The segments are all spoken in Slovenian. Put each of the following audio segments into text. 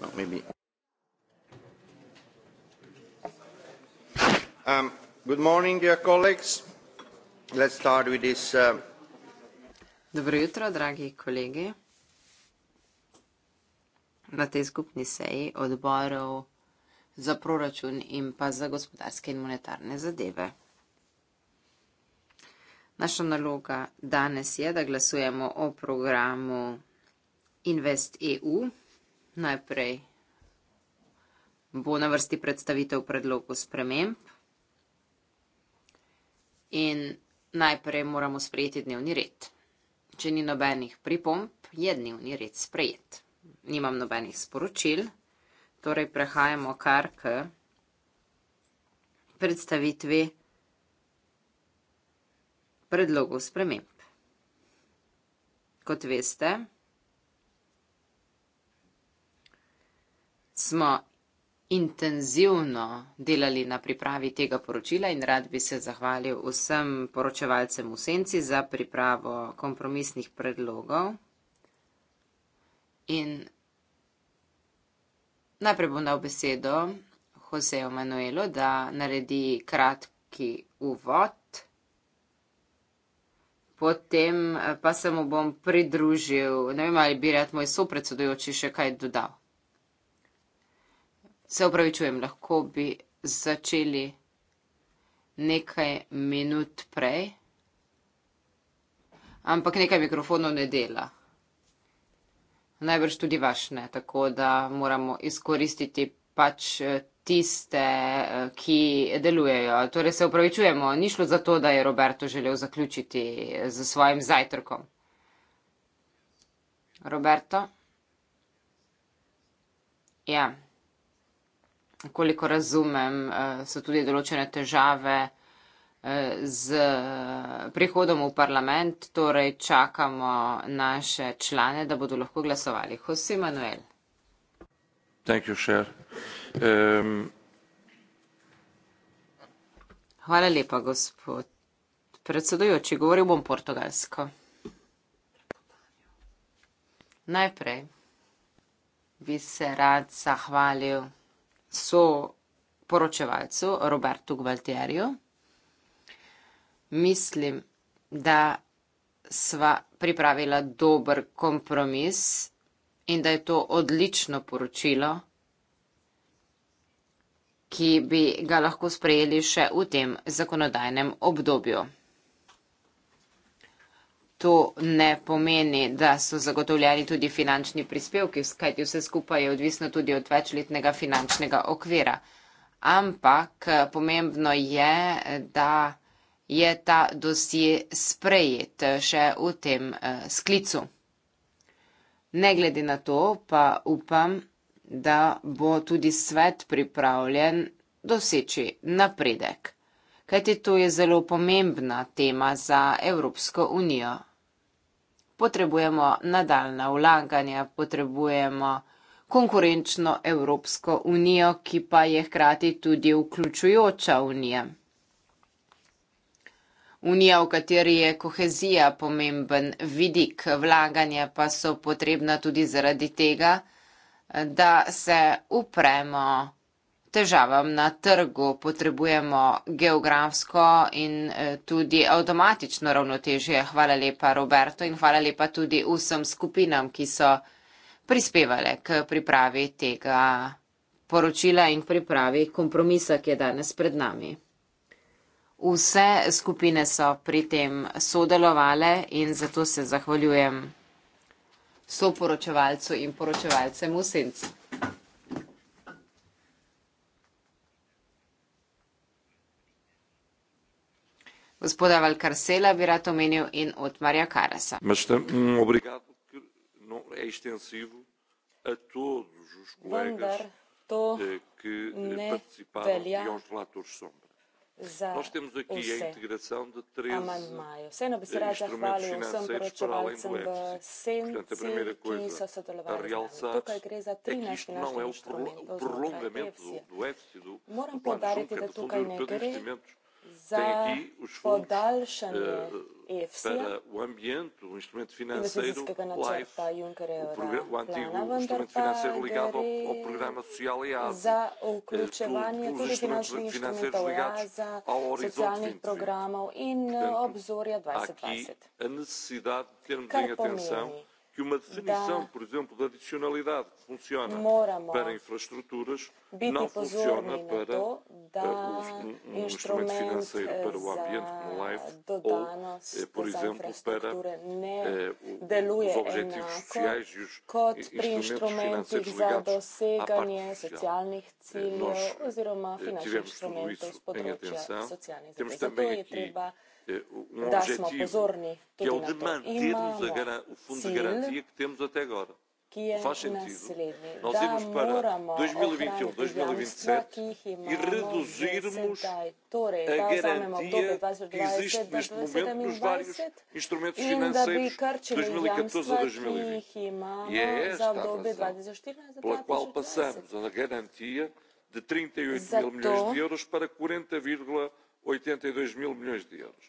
well, maybe. Um, good morning, dear colleagues. Let's start with this. Uh... Dobro jutro, dragi kolegi. Na tej skupni seji odborov za proračun in pa za gospodarske in monetarne zadeve. Naša naloga danes je, da glasujemo o programu Invest EU, Najprej bo na vrsti predstavitev predlogu sprememb in najprej moramo sprejeti dnevni red. Če ni nobenih pripomp, je dnevni red sprejet. Nimam nobenih sporočil, torej prehajamo kar k predstavitvi predlogov sprememb. Kot veste, smo intenzivno delali na pripravi tega poročila in rad bi se zahvalil vsem poročevalcem v senci za pripravo kompromisnih predlogov. In najprej bom dal besedo Joseju Manuelu, da naredi kratki uvod, potem pa se mu bom pridružil, ne vem, ali bi rad moj sopredsedujoči še kaj dodal. Se upravičujem, lahko bi začeli nekaj minut prej, ampak nekaj mikrofonov ne dela. Najbrž tudi vaš ne, tako da moramo izkoristiti pač eh, tiste, eh, ki delujejo. Torej se upravičujemo, ni šlo za to, da je Roberto želel zaključiti z eh, svojim zajtrkom. Roberto? Ja. Yeah koliko razumem, eh, so tudi določene težave eh, z eh, prihodom v parlament, torej čakamo naše člane, da bodo lahko glasovali. Jose Manuel. Thank you, Cher. Um, Hvala lepa, gospod predsedujoči. Govoril bom portugalsko. Najprej bi se rad zahvalil so poročevalcu Robertu Gvaltierju. Mislim, da sva pripravila dober kompromis in da je to odlično poročilo, ki bi ga lahko sprejeli še v tem zakonodajnem obdobju to ne pomeni, da so zagotovljeni tudi finančni prispevki, kajti vse skupaj je odvisno tudi od večletnega finančnega okvira. Ampak pomembno je, da je ta dosje sprejet še v tem eh, sklicu. Ne glede na to, pa upam, da bo tudi svet pripravljen doseči napredek. Kajti to je zelo pomembna tema za Evropsko unijo potrebujemo nadaljna vlaganja, potrebujemo konkurenčno Evropsko unijo, ki pa je hkrati tudi vključujoča unija. Unija, v kateri je kohezija pomemben vidik, vlaganja pa so potrebna tudi zaradi tega, da se upremo težavam na trgu, potrebujemo geografsko in eh, tudi avtomatično ravnotežje. Hvala lepa Roberto in hvala lepa tudi vsem skupinam, ki so prispevale k pripravi tega poročila in pripravi kompromisa, ki je danes pred nami. Vse skupine so pri tem sodelovale in zato se zahvaljujem soporočevalcu in poročevalcem v Sencu. Gospoda Valkarsela bi rad omenil in Otmarja Karasa. Vendar um to eh, eh, ne velja za amandmaje. Vseeno bi se rad zahvalil vsem poročevalcem e v senci, ki so sodelovali z nami. Tukaj gre za 13 finančnih inštrumentov znotraj EFSI. E e Moram podariti, da tukaj ne gre za podaljšanje eh, EFSI-ja v ambijentu investicijskega načrta Junckerjeva plana, vendar pa gori za vključevanje tudi finančnih inštrumentov EASA, socialnih programov in obzorja 2020. Kar pomeni, que uma definição, da... por exemplo, da adicionalidade que funciona Moramo, para infraestruturas não funciona para eh, da... uh, um, um instrumento financeiro para o ambiente como Life do ou, uh, por exemplo, para uh, os e objetivos naco, sociais e os instrumentos financeiros ligados à parte social. Uh, nós uh, tivemos tudo isso em atenção. Temos também aqui... Treba um da objetivo, smo pozorni tudi que é o de manter-nos o fundo cilj, de garantia que temos até agora. Que é Faz sentido. Naslednji. Nós irmos para 2021, 2027 e reduzirmos torej, a garantia que e existe neste momento nos e e vários instrumentos financeiros de 2014 a 2020. E é esta a razão 2014, pela qual passamos a garantia de 38 mil milhões de euros para 40,82 mil milhões de euros.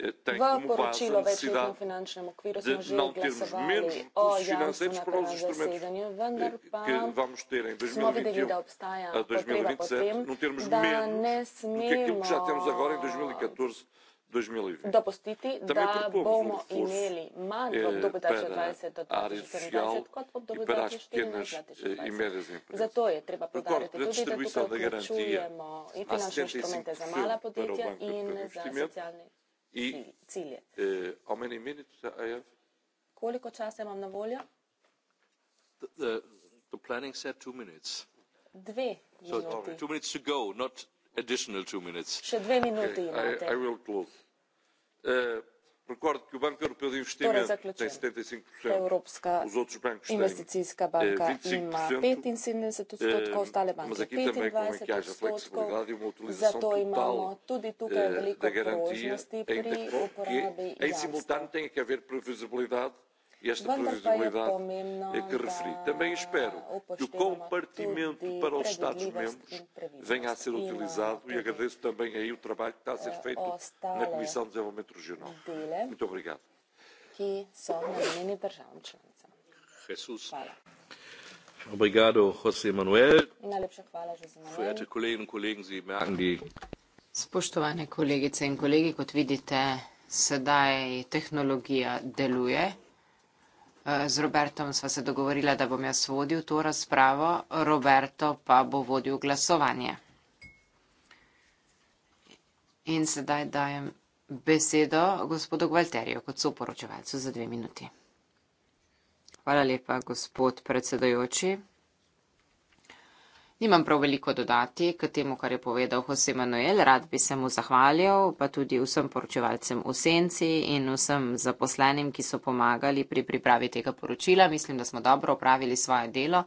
Eh, tem, v poročilo o večletnem finančnem okviru smo že glasovali o javnostnem pravnem zaseganju, vendar eh, pa smo videli, da obstaja eh, potreba po tem, da ne smemo dopustiti, da bomo imeli manj obdobje 2020 do 2024 kot obdobje 2024. Zato je treba no, podariti tudi, da tukaj vključujemo in finančne inštrumente za mala podjetja in ja. za socialne. I, cilje. Eh, how many minutes I have? Koliko časa imam na voljo? The, the, the planning said two minutes. Dve so, minuti. Two minutes to go, not additional two minutes. Še dve minuti okay, imate. I, I will close. Uh, Recordo que o Banco Europeu de Investimento tem 75%, e a Europa, os outros bancos têm 25%, eh, e mas aqui também com que haja flexibilidade e uma utilização total eh, da garantia, ainda que em simultâneo tenha que haver previsibilidade E esta previsibilidade é, pomemno, é que referi. Também espero que o compartimento para os Estados-membros eh, venha a ser utilizado e eh, agradeço também aí o trabalho que está a ser eh, feito na Comissão de Desenvolvimento Regional. Muito obrigado. Jesus. Obrigado, José Manuel. Verehrte Kolleginnen und Kollegen, Sie merken die. Spoštovane kolegice in kolegi, kot vidite, sedaj tehnologija deluje. Z Robertom sva se dogovorila, da bom jaz vodil to razpravo, Roberto pa bo vodil glasovanje. In sedaj dajem besedo gospodu Gvalterju kot soporočevalcu za dve minuti. Hvala lepa, gospod predsedojoči. Nimam prav veliko dodati k temu, kar je povedal Jose Manuel. Rad bi se mu zahvalil, pa tudi vsem poročevalcem v senci in vsem zaposlenim, ki so pomagali pri pripravi tega poročila. Mislim, da smo dobro opravili svoje delo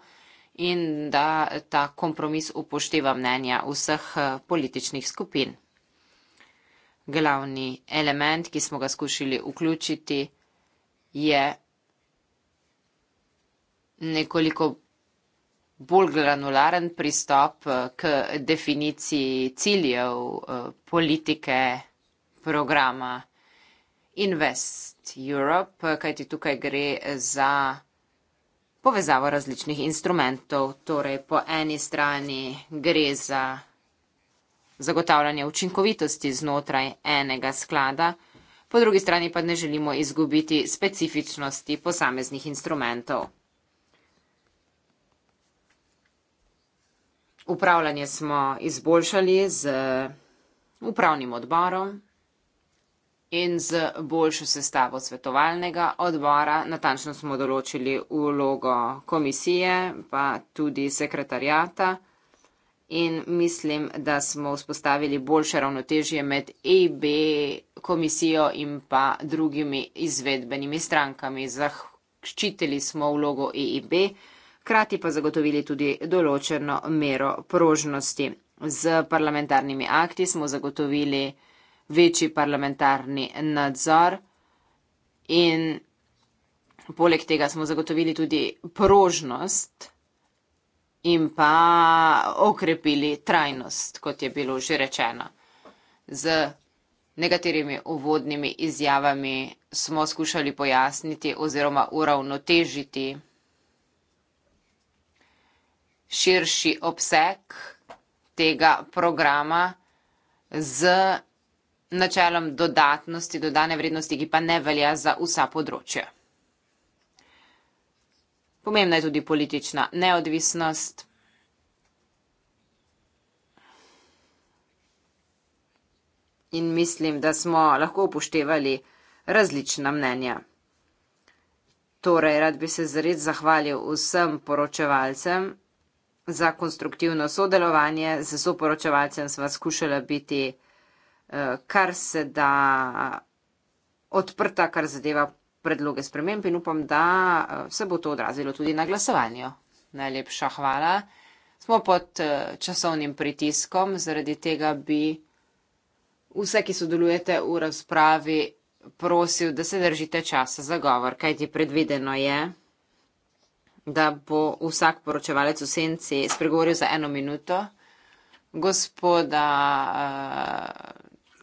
in da ta kompromis upošteva mnenja vseh eh, političnih skupin. Glavni element, ki smo ga skušali vključiti, je nekoliko bolj granularen pristop eh, k definiciji ciljev eh, politike programa Invest Europe, eh, kajti tukaj gre za povezavo različnih instrumentov. Torej, po eni strani gre za zagotavljanje učinkovitosti znotraj enega sklada, po drugi strani pa ne želimo izgubiti specifičnosti posameznih instrumentov. Upravljanje smo izboljšali z eh, upravnim odborom in z boljšo sestavo svetovalnega odbora. Natančno smo določili ulogo komisije, pa tudi sekretarjata. In mislim, da smo vzpostavili boljše ravnotežje med EIB komisijo in pa drugimi izvedbenimi strankami. Zaščitili smo vlogo EIB krati pa zagotovili tudi določeno mero prožnosti. Z parlamentarnimi akti smo zagotovili večji parlamentarni nadzor in poleg tega smo zagotovili tudi prožnost in pa okrepili trajnost, kot je bilo že rečeno. Z nekaterimi uvodnimi izjavami smo skušali pojasniti oziroma uravnotežiti širši obseg tega programa z načelom dodatnosti, dodane vrednosti, ki pa ne velja za vsa področja. Pomembna je tudi politična neodvisnost. In mislim, da smo lahko upoštevali različna mnenja. Torej, rad bi se zared zahvalil vsem poročevalcem za konstruktivno sodelovanje, z soporočevalcem sva skušala biti eh, kar se da odprta, kar zadeva predloge sprememb in upam, da eh, se bo to odrazilo tudi na glasovanju. Najlepša hvala. Smo pod eh, časovnim pritiskom, zaradi tega bi vse, ki sodelujete v razpravi, prosil, da se držite časa za govor, kajti predvideno je da bo vsak poročevalec v senci spregovoril za eno minuto. Gospoda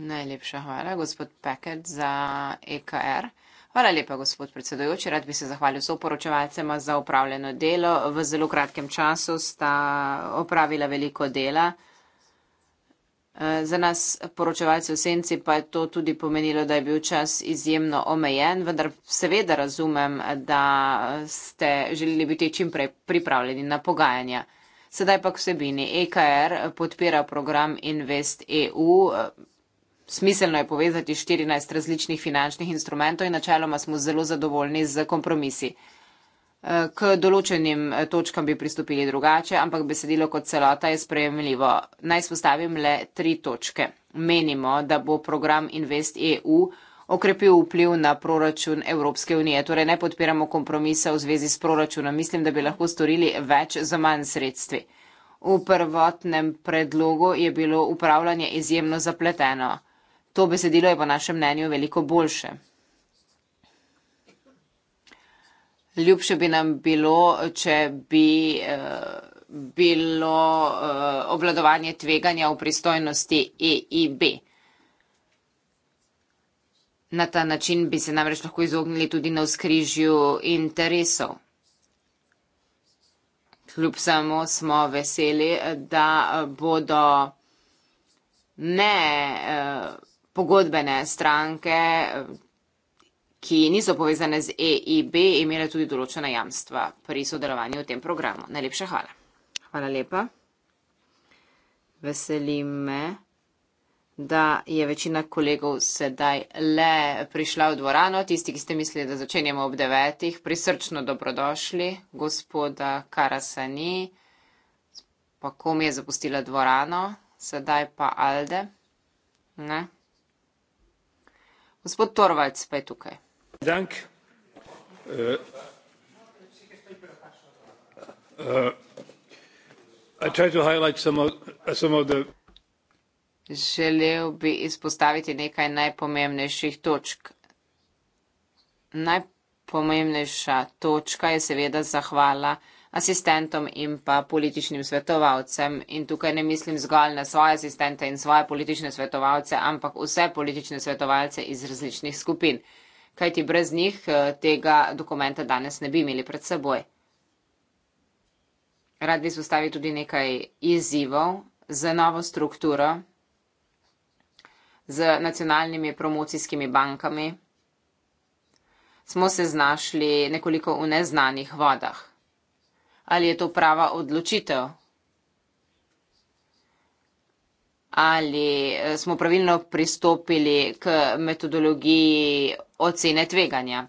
Najlepša hvala, gospod Peket, za EKR. Hvala lepa, gospod predsedojoči. Rad bi se zahvalil soporočevalcema za upravljeno delo. V zelo kratkem času sta opravila veliko dela. E, za nas poročevalce v senci pa je to tudi pomenilo, da je bil čas izjemno omejen, vendar seveda razumem, da ste želeli biti čimprej pripravljeni na pogajanja. Sedaj pa k vsebini. EKR podpira program InvestEU. Smiselno je povezati 14 različnih finančnih instrumentov in načeloma smo zelo zadovoljni z kompromisi. Eh, k določenim eh, točkam bi pristopili drugače, ampak besedilo kot celota je sprejemljivo. Naj spostavim le tri točke. Menimo, da bo program Invest EU okrepil vpliv na proračun Evropske unije. Torej ne podpiramo kompromisa v zvezi s proračunom. Mislim, da bi lahko storili več za manj sredstvi. V prvotnem predlogu je bilo upravljanje izjemno zapleteno. To besedilo je po našem mnenju veliko boljše. Ljubše bi nam bilo, če bi eh, bilo eh, obladovanje tveganja v pristojnosti EIB. Na ta način bi se namreč lahko izognili tudi na vzkrižju interesov. Kljub samo smo veseli, da bodo ne. Uh, pogodbene stranke, ki niso povezane z EIB, imele tudi določena jamstva pri sodelovanju v tem programu. Najlepša hvala. Hvala lepa. Veselim me, da je večina kolegov sedaj le prišla v dvorano. Tisti, ki ste mislili, da začenjamo ob devetih, prisrčno dobrodošli. Gospoda Karasa ni, pa kom je zapustila dvorano, sedaj pa Alde. Ne? gospod torvalds pa je tukaj. Eh, eh, eh, želel bi izpostaviti nekaj najpomembnejših točk. Najpomembnejša točka je seveda zahvala uh, asistentom in pa političnim svetovalcem. In tukaj ne mislim zgolj na svoje asistente in svoje politične svetovalce, ampak vse politične svetovalce iz različnih skupin. Kaj ti brez njih eh, tega dokumenta danes ne bi imeli pred seboj? Rad bi spostavil tudi nekaj izzivov za novo strukturo, z nacionalnimi promocijskimi bankami. Smo se znašli nekoliko v neznanih vodah. Ali je to prava odločitev? Ali eh, smo pravilno pristopili k metodologiji ocene tveganja?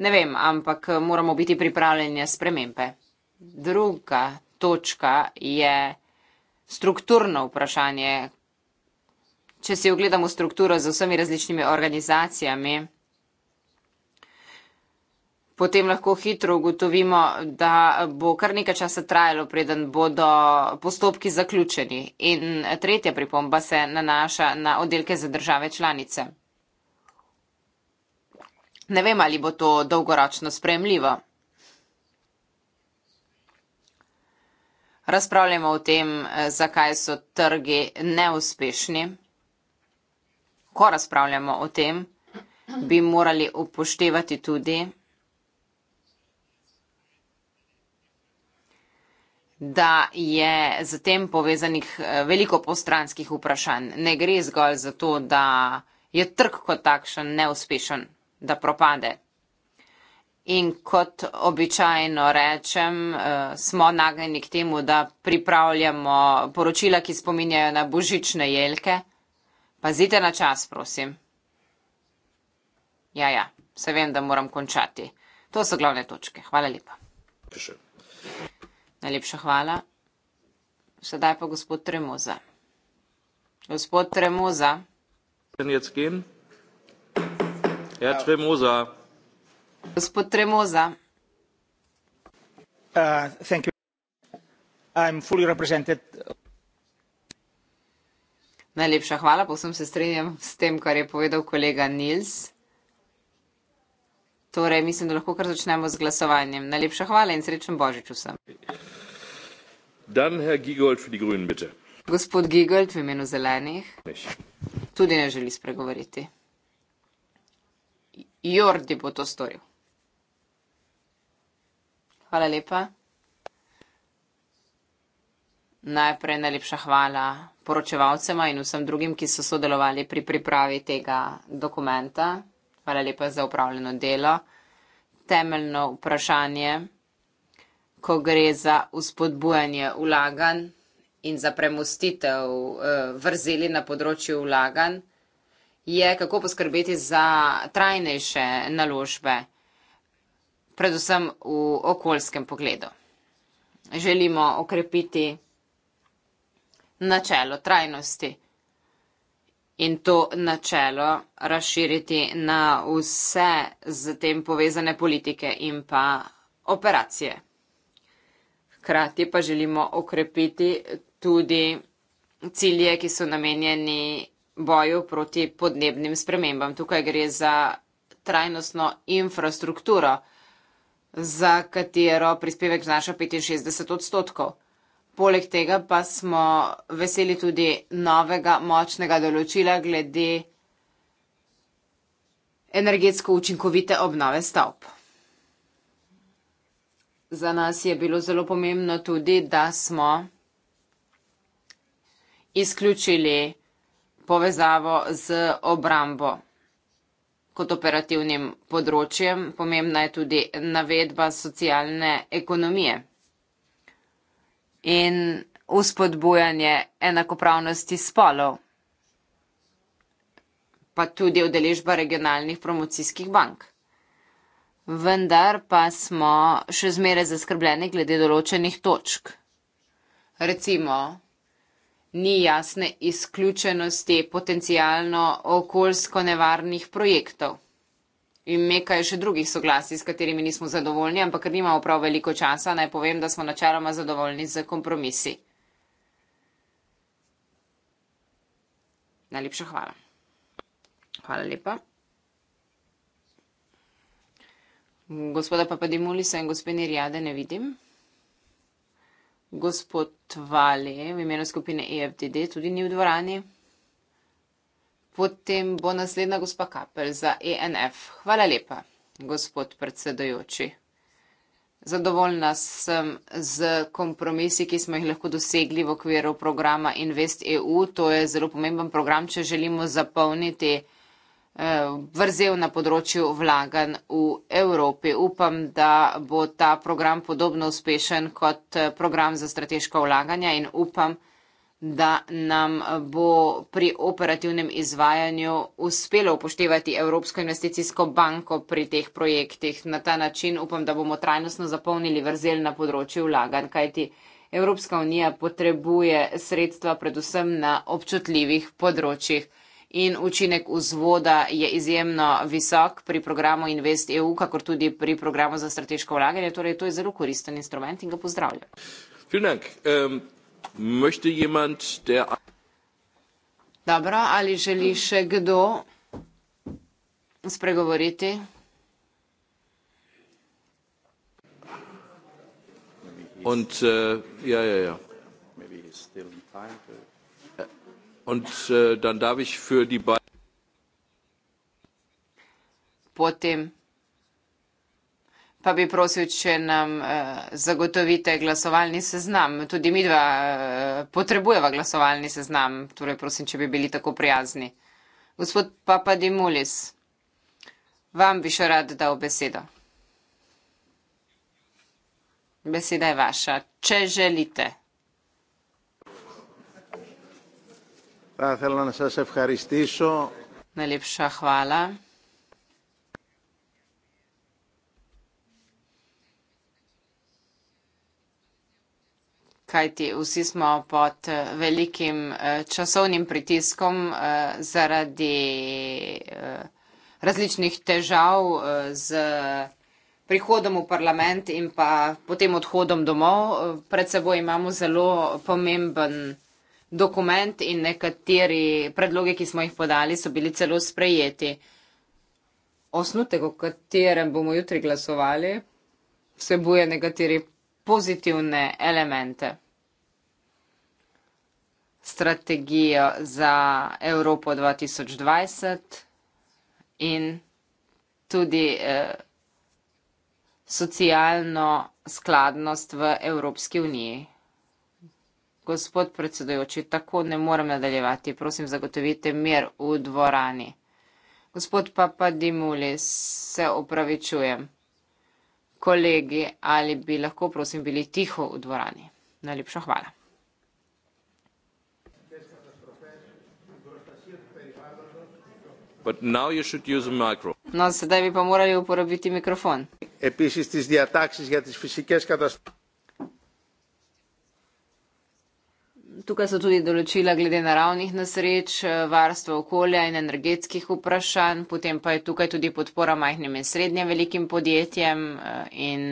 Ne vem, ampak eh, moramo biti pripravljeni na spremembe. Druga točka je strukturno vprašanje. Če si ogledamo strukturo z vsemi različnimi organizacijami, potem lahko hitro ugotovimo, da bo kar nekaj časa trajalo, preden bodo postopki zaključeni. In tretja pripomba se nanaša na oddelke za države članice. Ne vem, ali bo to dolgoročno spremljivo. Razpravljamo o tem, eh, zakaj so trgi neuspešni. Ko razpravljamo o tem, bi morali upoštevati tudi da je z tem povezanih eh, veliko postranskih vprašanj. Ne gre zgolj za to, da je trg kot takšen neuspešen, da propade. In kot običajno rečem, eh, smo nagnjeni k temu, da pripravljamo poročila, ki spominjajo na božične jelke. Pazite na čas, prosim. Ja, ja, se vem, da moram končati. To so glavne točke. Hvala lepa. Prišel. Najlepša hvala. Sedaj pa gospod Tremoza. Gospod Tremoza. Ja, Tremoza. Gospod Tremoza. Uh, Najlepša hvala, povsem se strinjam s tem, kar je povedal kolega Nils. Torej, mislim, da lahko kar začnemo z glasovanjem. Najlepša hvala in srečen Božič vsem. Dan, herr Gigold, für die Grünen, bitte. Gospod Gigold, v imenu zelenih. Tudi ne želi spregovoriti. Jordi bo to storil. Hvala lepa. Najprej najlepša hvala poročevalcema in vsem drugim, ki so sodelovali pri pripravi tega dokumenta. Hvala lepa za upravljeno delo. Temeljno vprašanje, ko gre za uspodbujanje vlagan in za premustitev eh, vrzeli na področju vlagan, je kako poskrbeti za trajnejše naložbe, predvsem v okoljskem pogledu. Želimo okrepiti načelo trajnosti in to načelo razširiti na vse z tem povezane politike in pa operacije. Hkrati pa želimo okrepiti tudi cilje, ki so namenjeni boju proti podnebnim spremembam. Tukaj gre za trajnostno infrastrukturo, za katero prispevek znaša 65 odstotkov. Poleg tega pa smo veseli tudi novega močnega določila glede energetsko učinkovite obnove stavb. Za nas je bilo zelo pomembno tudi, da smo izključili povezavo z obrambo kot operativnim področjem. Pomembna je tudi navedba socialne ekonomije in vzpodbujanje enakopravnosti spolov, pa tudi udeležba regionalnih promocijskih bank. Vendar pa smo še zmeraj zaskrbljeni glede določenih točk. Recimo, ni jasne izključenosti potencijalno okoljsko nevarnih projektov. In nekaj še drugih soglasij, s katerimi nismo zadovoljni, ampak ker nimamo prav veliko časa, naj povem, da smo načeloma zadovoljni z kompromisi. Najlepša hvala. Hvala lepa. Gospoda Papadimulisa in gospodine Rijade ne vidim. Gospod Vali v imenu skupine EFDD tudi ni v dvorani. Potem bo naslednja gospa Kapelj za ENF. Hvala lepa, gospod predsedojoči. Zadovoljna sem z kompromisi, ki smo jih lahko dosegli v okviru programa Invest EU. To je zelo pomemben program, če želimo zapolniti eh, vrzel na področju vlagan v Evropi. Upam, da bo ta program podobno uspešen kot eh, program za strateško vlaganje in upam, da nam bo pri operativnem izvajanju uspelo upoštevati Evropsko investicijsko banko pri teh projektih. Na ta način upam, da bomo trajnostno zapolnili vrzel na področju vlaganj, kajti Evropska unija potrebuje sredstva predvsem na občutljivih področjih. In učinek vzvoda je izjemno visok pri programu Invest EU, kakor tudi pri programu za strateško vlaganje. Torej, to je zelo koristen instrument in ga pozdravljam. Vielen Dank. Ähm, möchte jemand, der. Dobro, ali želi še kdo spregovoriti? Und äh, ja, ja, ja. Und äh, dann darf ich für die beiden. Potem Pa bi prosil, če nam uh, zagotovite glasovalni seznam. Tudi mi dva uh, eh, potrebujeva glasovalni seznam, torej prosim, če bi bili tako prijazni. Gospod Papadimulis, vam bi še rad dal besedo. Beseda je vaša, če želite. Najlepša hvala. kajti vsi smo pod eh, velikim eh, časovnim pritiskom eh, zaradi različnih težav z prihodom v parlament in pa potem odhodom domov. Pred seboj imamo zelo pomemben dokument in nekateri predloge, ki smo jih podali, so bili celo sprejeti. Osnutek, o katerem bomo jutri glasovali, vsebuje nekateri pozitivne elemente. Strategijo za Evropo 2020 in tudi eh, socialno skladnost v Evropski uniji. Gospod predsedujoči, tako ne morem nadaljevati. Prosim, zagotovite mir v dvorani. Gospod Papa Dimulis, se opravičujem. Kolegi, ali bi lahko prosim bili tiho v dvorani? Najlepša hvala. But now you should use a micro. No, sedaj bi pa morali uporabiti mikrofon. Epis iz diataksis, ja, tis fizikes katastrofe. Tukaj so tudi določila glede naravnih nasreč, eh, varstva okolja in energetskih vprašanj, potem pa je tukaj tudi podpora majhnim in srednjim velikim podjetjem eh, in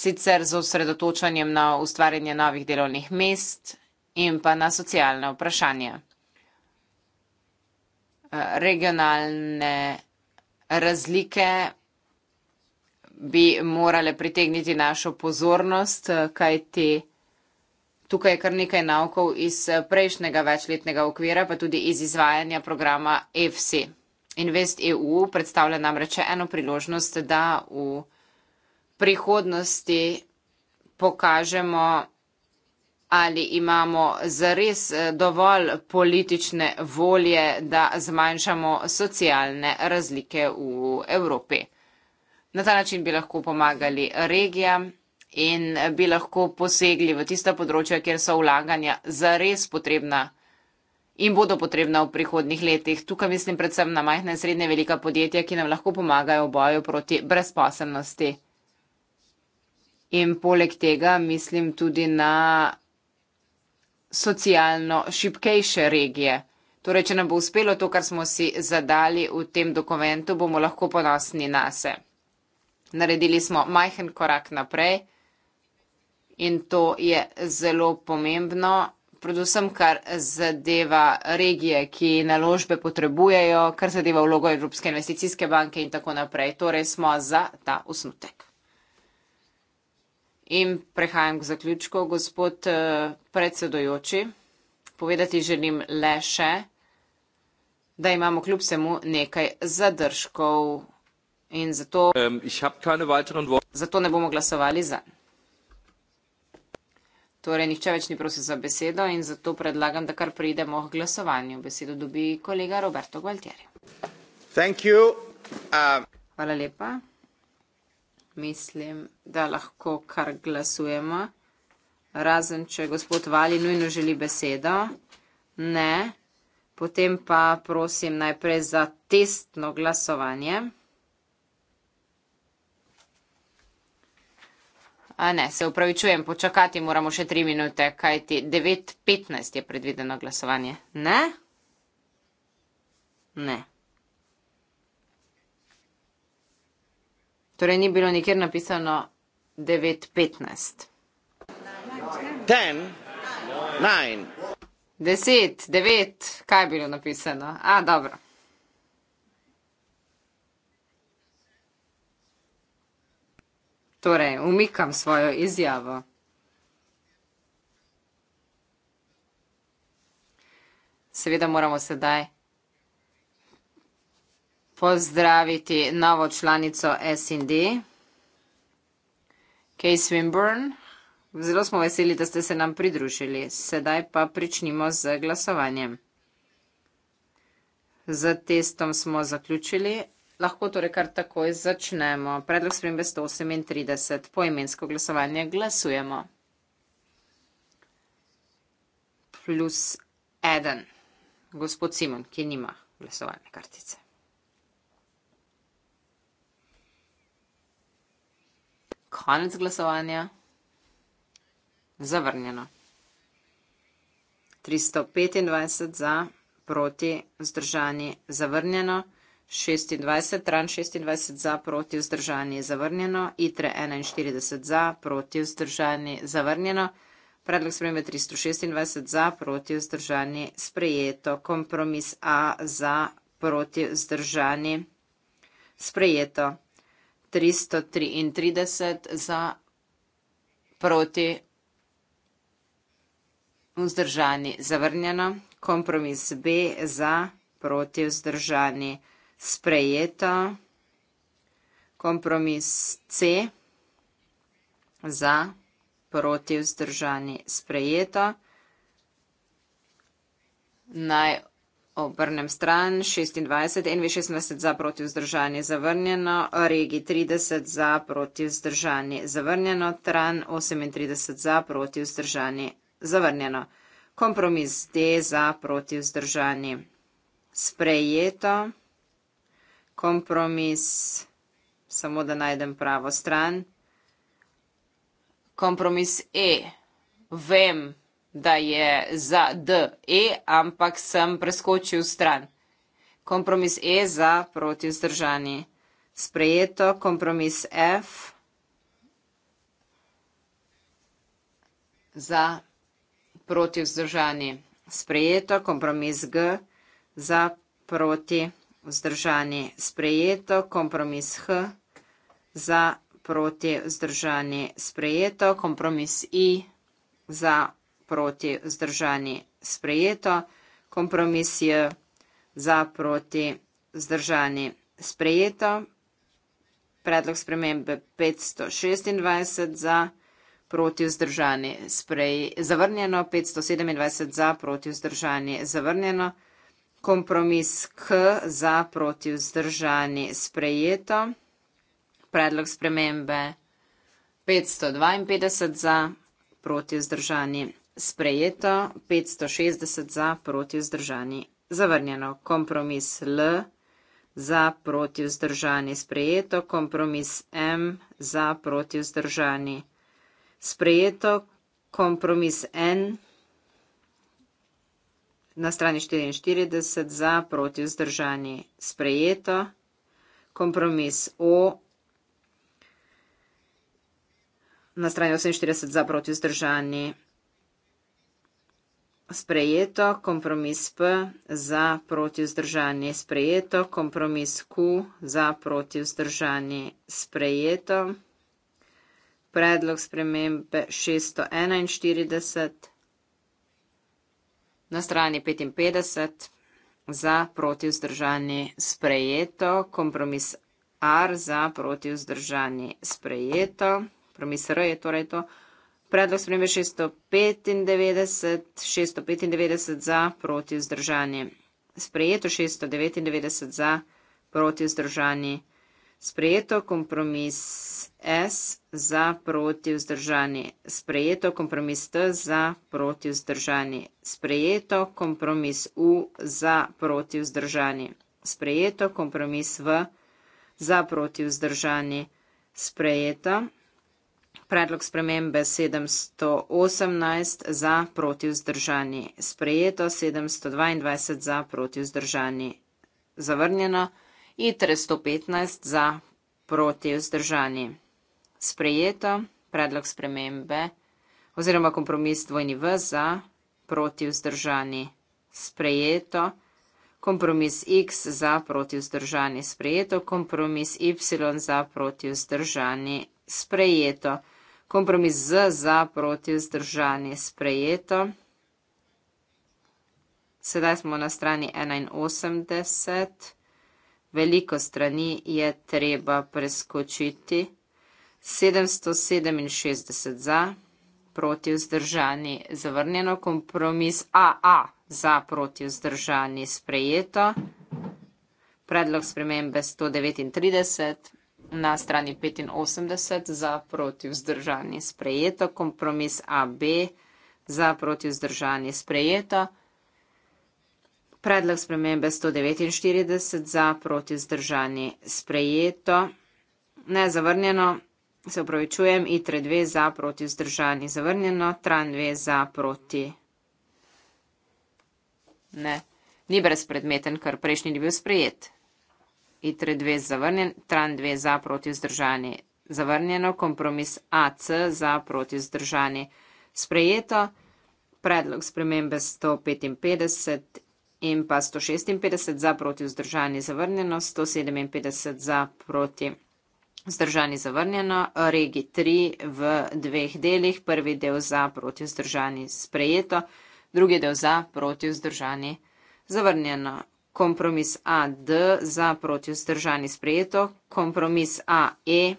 sicer z osredotočanjem na ustvarjanje novih delovnih mest in pa na socialne vprašanja. Eh, regionalne razlike bi morale pritegniti našo pozornost, kaj te. Tukaj je kar nekaj naukov iz eh, prejšnjega večletnega okvira, pa tudi iz izvajanja programa EFC. E. Invest EU predstavlja namreč eno priložnost, da v prihodnosti pokažemo, ali imamo zares eh, dovolj politične volje, da zmanjšamo socialne razlike v Evropi. Na ta način bi lahko pomagali regijam in eh, bi lahko posegli v tista področja, kjer so vlaganja zares potrebna in bodo potrebna v prihodnih letih. Tukaj mislim predvsem na majhne in srednje velika podjetja, ki nam lahko pomagajo v boju proti brezposelnosti. In poleg tega mislim tudi na socialno šipkejše regije. Torej, če nam bo uspelo to, kar smo si zadali v tem dokumentu, bomo lahko ponosni na se. Naredili smo majhen korak naprej in to je zelo pomembno, predvsem kar zadeva regije, ki naložbe potrebujejo, kar zadeva vlogo Evropske investicijske banke in tako naprej. Torej smo za ta usnutek. In prehajam k zaključku, gospod eh, predsedojoči. Povedati želim le še, da imamo kljub vsemu nekaj zadržkov in zato, um, zato ne bomo glasovali za. Torej, nihče več ni prosil za besedo in zato predlagam, da kar pridemo k glasovanju. Besedo dobi kolega Roberto Gualtieri. Uh, Hvala lepa. Mislim, da lahko kar glasujemo. Razen, če gospod Vali nujno želi besedo. Ne. Potem pa prosim najprej za testno glasovanje. A ne, se upravičujem, počakati moramo še tri minute, kajti 9.15 je predvideno glasovanje. Ne? Ne. Torej ni bilo nikjer napisano 9.15. 10. 9. 10, 9, kaj je bilo napisano? A, dobro. Torej, umikam svojo izjavo. Seveda moramo sedaj pozdraviti novo članico S&D, Kay Swinburne. Zelo smo veseli, da ste se nam pridružili. Sedaj pa pričnimo z glasovanjem. Z testom smo zaključili. Lahko torej kar takoj začnemo. Predlog spremembe 138. Poimensko glasovanje glasujemo. Plus eden. Gospod Simon, ki nima glasovalne kartice. Konec glasovanja. Zavrnjeno. 325 za, proti, zdržani, zavrnjeno. 26, tran 26 za, proti vzdržani zavrnjeno, itre 41 za, proti vzdržani zavrnjeno, predlog spremembe 326 za, proti vzdržani sprejeto, kompromis A za, proti vzdržani sprejeto, 333 za, proti vzdržani zavrnjeno, kompromis B za, proti vzdržani zavrnjeno sprejeta kompromis C za proti vzdržani sprejeto. Naj obrnem stran 26, NV 16 za proti vzdržani zavrnjeno, regi 30 za proti vzdržani zavrnjeno, tran 38 za proti vzdržani zavrnjeno. Kompromis D za proti vzdržani sprejeto kompromis, samo da najdem pravo stran. Kompromis E. Vem, da je za D E, ampak sem preskočil stran. Kompromis E za proti vzdržani. Sprejeto. Kompromis F. Za proti vzdržani. Sprejeto. Kompromis G. Za proti vzdržani vzdržani sprejeto, kompromis H za proti vzdržani sprejeto, kompromis I za proti vzdržani sprejeto, kompromis J za proti vzdržani sprejeto, predlog spremembe 526 za proti vzdržani sprej, zavrnjeno, 527 za proti vzdržani zavrnjeno, Kompromis K za proti vzdržani sprejeto. Predlog spremembe 552 za proti vzdržani sprejeto. 560 za proti vzdržani zavrnjeno. Kompromis L za proti vzdržani sprejeto. Kompromis M za proti vzdržani sprejeto. Kompromis N na strani 44 za, proti vzdržani sprejeto, kompromis O, na strani 48 za, proti vzdržani sprejeto, kompromis P za, proti vzdržani sprejeto, kompromis Q za, proti vzdržani sprejeto, predlog spremembe 641. Na strani 55 za proti vzdržani sprejeto, kompromis R za proti vzdržani sprejeto, kompromis R je torej to, predlog spremembe 695, 695 za proti vzdržani sprejeto, 699 za proti vzdržani sprejeto sprejeto kompromis S za proti vzdržani, sprejeto kompromis T za proti vzdržani, sprejeto kompromis U za proti vzdržani, sprejeto kompromis V za proti vzdržani, sprejeto predlog spremembe 718 za proti vzdržani, sprejeto 722 za proti vzdržani, zavrnjeno. ITRE 115 za proti vzdržani. Sprejeto, predlog spremembe oziroma kompromis dvojni V za proti vzdržani. Sprejeto, kompromis X za proti vzdržani. Sprejeto, kompromis Y za proti vzdržani. Sprejeto, kompromis Z za proti vzdržani. Sprejeto. Sedaj smo na strani 81 veliko strani je treba preskočiti. 767 za, proti vzdržani zavrnjeno, kompromis AA za, proti vzdržani sprejeto. Predlog spremembe 139 na strani 85 za, proti vzdržani sprejeto, kompromis AB za, proti vzdržani sprejeto. Predlog spremembe 149 za proti zdržani sprejeto. Ne zavrnjeno, se upravičujem, ITRE 2 za proti zdržani zavrnjeno, TRAN 2 za proti. Ne, ni brezpredmeten, ker prejšnji ni bil sprejet. ITRE 2 zavrnjen, TRAN 2 za proti zdržani zavrnjeno, kompromis AC za proti zdržani sprejeto. Predlog spremembe 155 in pa 156 za proti vzdržani zavrnjeno, 157 za proti vzdržani zavrnjeno, regi 3 v dveh delih, prvi del za proti vzdržani sprejeto, drugi del za proti vzdržani zavrnjeno. Kompromis AD za proti vzdržani sprejeto, kompromis AE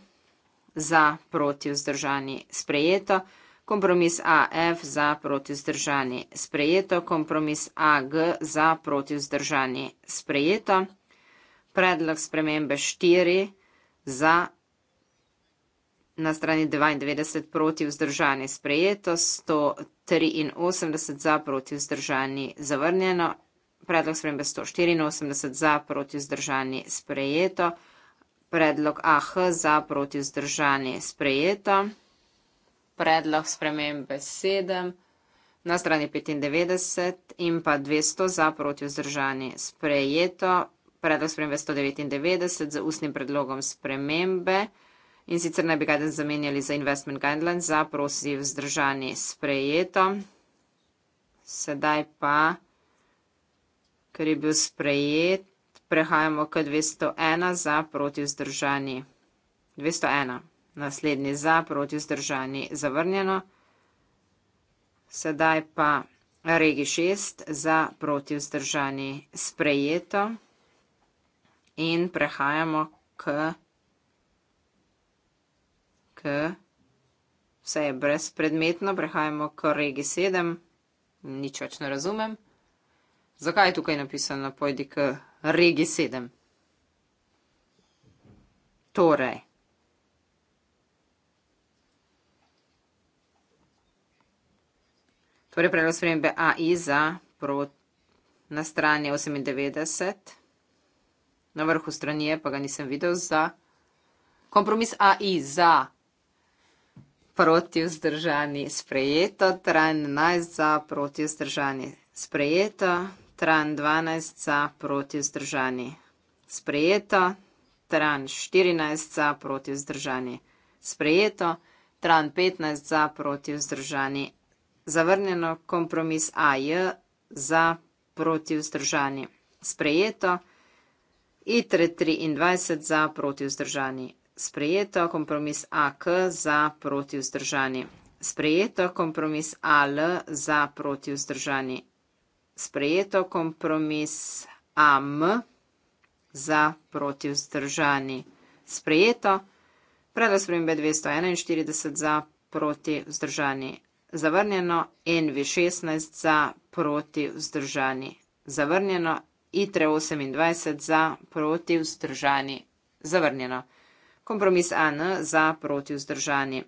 za proti vzdržani sprejeto kompromis AF za proti vzdržani sprejeto, kompromis AG za proti vzdržani sprejeto, predlog spremembe 4 za na strani 92 proti vzdržani sprejeto, 183 za proti vzdržani zavrnjeno, predlog spremembe 184 za proti vzdržani sprejeto, predlog AH za proti vzdržani sprejeto predlog spremembe 7 na strani 95 in pa 200 za proti vzdržani sprejeto. Predlog spremembe 199 z ustnim predlogom spremembe in sicer naj bi ga dan zamenjali za investment guidelines za proti vzdržani sprejeto. Sedaj pa, ker je bil sprejet, prehajamo k 201 za proti vzdržani. 201 naslednji za, proti zdržani zavrnjeno. Sedaj pa regi 6 za, proti vzdržani sprejeto in prehajamo k, k vse je brezpredmetno, prehajamo k regi 7, nič več ne razumem. Zakaj je tukaj napisano, pojdi k regi 7? Torej, Torej, predlog spremembe AI za prot, na strani 98, na vrhu strani je, pa ga nisem videl za. Kompromis AI za proti vzdržani sprejeto, tran 11 za proti vzdržani sprejeto, tran 12 za proti vzdržani sprejeto, tran 14 za proti vzdržani sprejeto, tran 15 za proti vzdržani zavrnjeno kompromis AJ za proti vzdržani. Sprejeto. ITRE 23 za proti vzdržani. Sprejeto. Kompromis AK za proti vzdržani. Sprejeto. Kompromis AL za proti vzdržani. Sprejeto. Kompromis AM za proti vzdržani. Sprejeto. Predlog spremembe 241 za proti vzdržani zavrnjeno, Envi 16 za, proti vzdržani, zavrnjeno, ITRE 28 za, proti vzdržani, zavrnjeno. Kompromis AN za, proti vzdržani,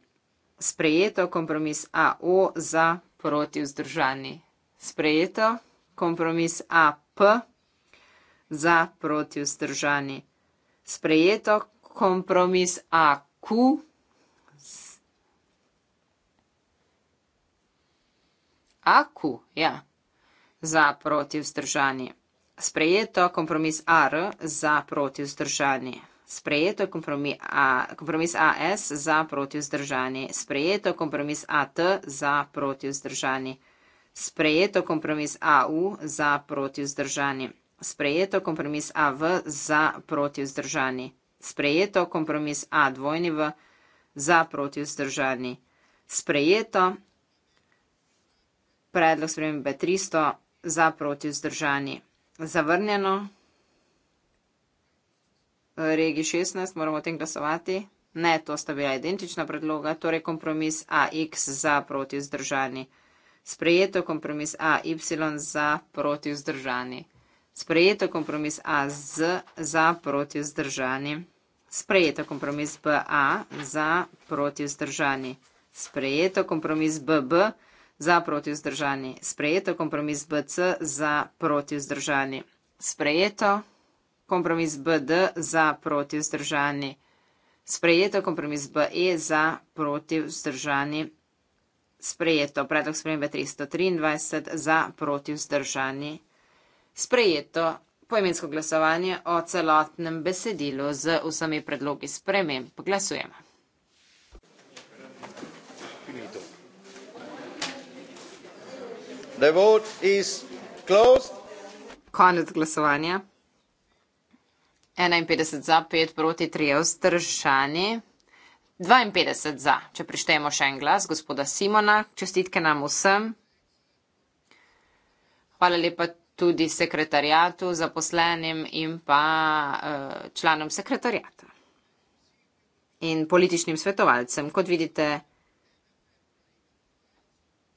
sprejeto, kompromis AO za, proti vzdržani, sprejeto, kompromis AP za, proti vzdržani, sprejeto, kompromis AQ. AKU, ja, za proti vzdržanje. Sprejeto kompromis AR za proti vzdržanje. Sprejeto kompromis, A, kompromis AS za proti vzdržanje. Sprejeto kompromis AT za proti vzdržanje. Sprejeto kompromis AU za proti vzdržanje. Sprejeto kompromis AV za proti vzdržanje. Sprejeto kompromis A dvojni v za proti vzdržanje. Sprejeto predlog spremembe 300 za proti vzdržani. Zavrnjeno. Regi 16, moramo o tem glasovati. Ne, to sta bila identična predloga, torej kompromis AX za proti vzdržani. Sprejeto kompromis AY za proti vzdržani. Sprejeto kompromis AZ za proti vzdržani. Sprejeto kompromis BA za proti vzdržani. Sprejeto kompromis BB za proti vzdržani za proti vzdržani. Sprejeto kompromis BC za proti vzdržani. Sprejeto kompromis BD za proti vzdržani. Sprejeto kompromis BE za proti vzdržani. Sprejeto predlog spremembe 323 za proti vzdržani. Sprejeto poimensko glasovanje o celotnem besedilu z vsemi predlogi spremem. Poglasujemo. The vote is closed. Konec glasovanja. 51 za, 5 proti, 3 vzdržani. 52 za, če prištejemo še en glas gospoda Simona. Čestitke nam vsem. Hvala lepa tudi sekretarijatu, zaposlenim in pa eh, članom sekretarijata. In političnim svetovalcem, kot vidite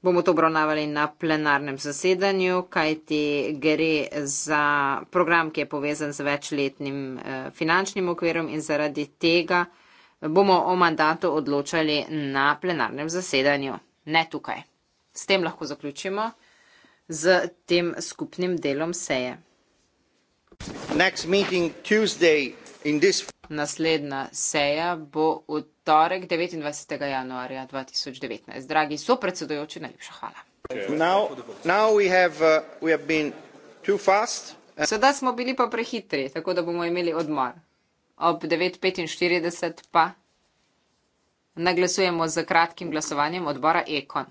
bomo to obravnavali na plenarnem zasedanju, kajti gre za program, ki je povezan z večletnim eh, finančnim okverom in zaradi tega bomo o mandatu odločali na plenarnem zasedanju, ne tukaj. S tem lahko zaključimo z tem skupnim delom seje. Next meeting Tuesday in this naslednja seja bo v torek 29. januarja 2019. Dragi so predsedujoči, najlepša hvala. Uh, Sedaj smo bili pa prehitri, tako da bomo imeli odmor. Ob 9.45 pa naglasujemo z kratkim glasovanjem odbora Ekon.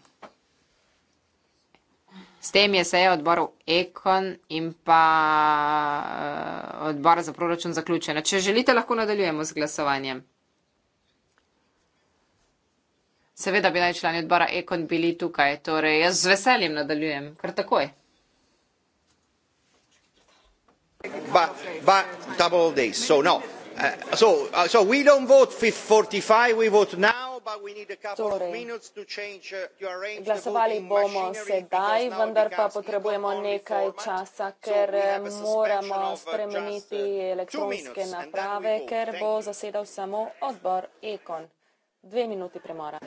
S tem je seja odborov Ekon in pa uh, eh, odbora za proračun zaključena. Če želite, lahko nadaljujemo z glasovanjem. Seveda bi naj člani odbora Ekon bili tukaj, torej jaz z veseljem nadaljujem, kar takoj. But, but double days, so no. Eh, eh, so we don't vote fit forty five we vote now. Torej, eh, glasovali bomo sedaj, vendar pa potrebujemo nekaj časa, ker moramo spremeniti elektronske naprave, ker bo zasedal samo odbor Ekon. Dve minuti premora.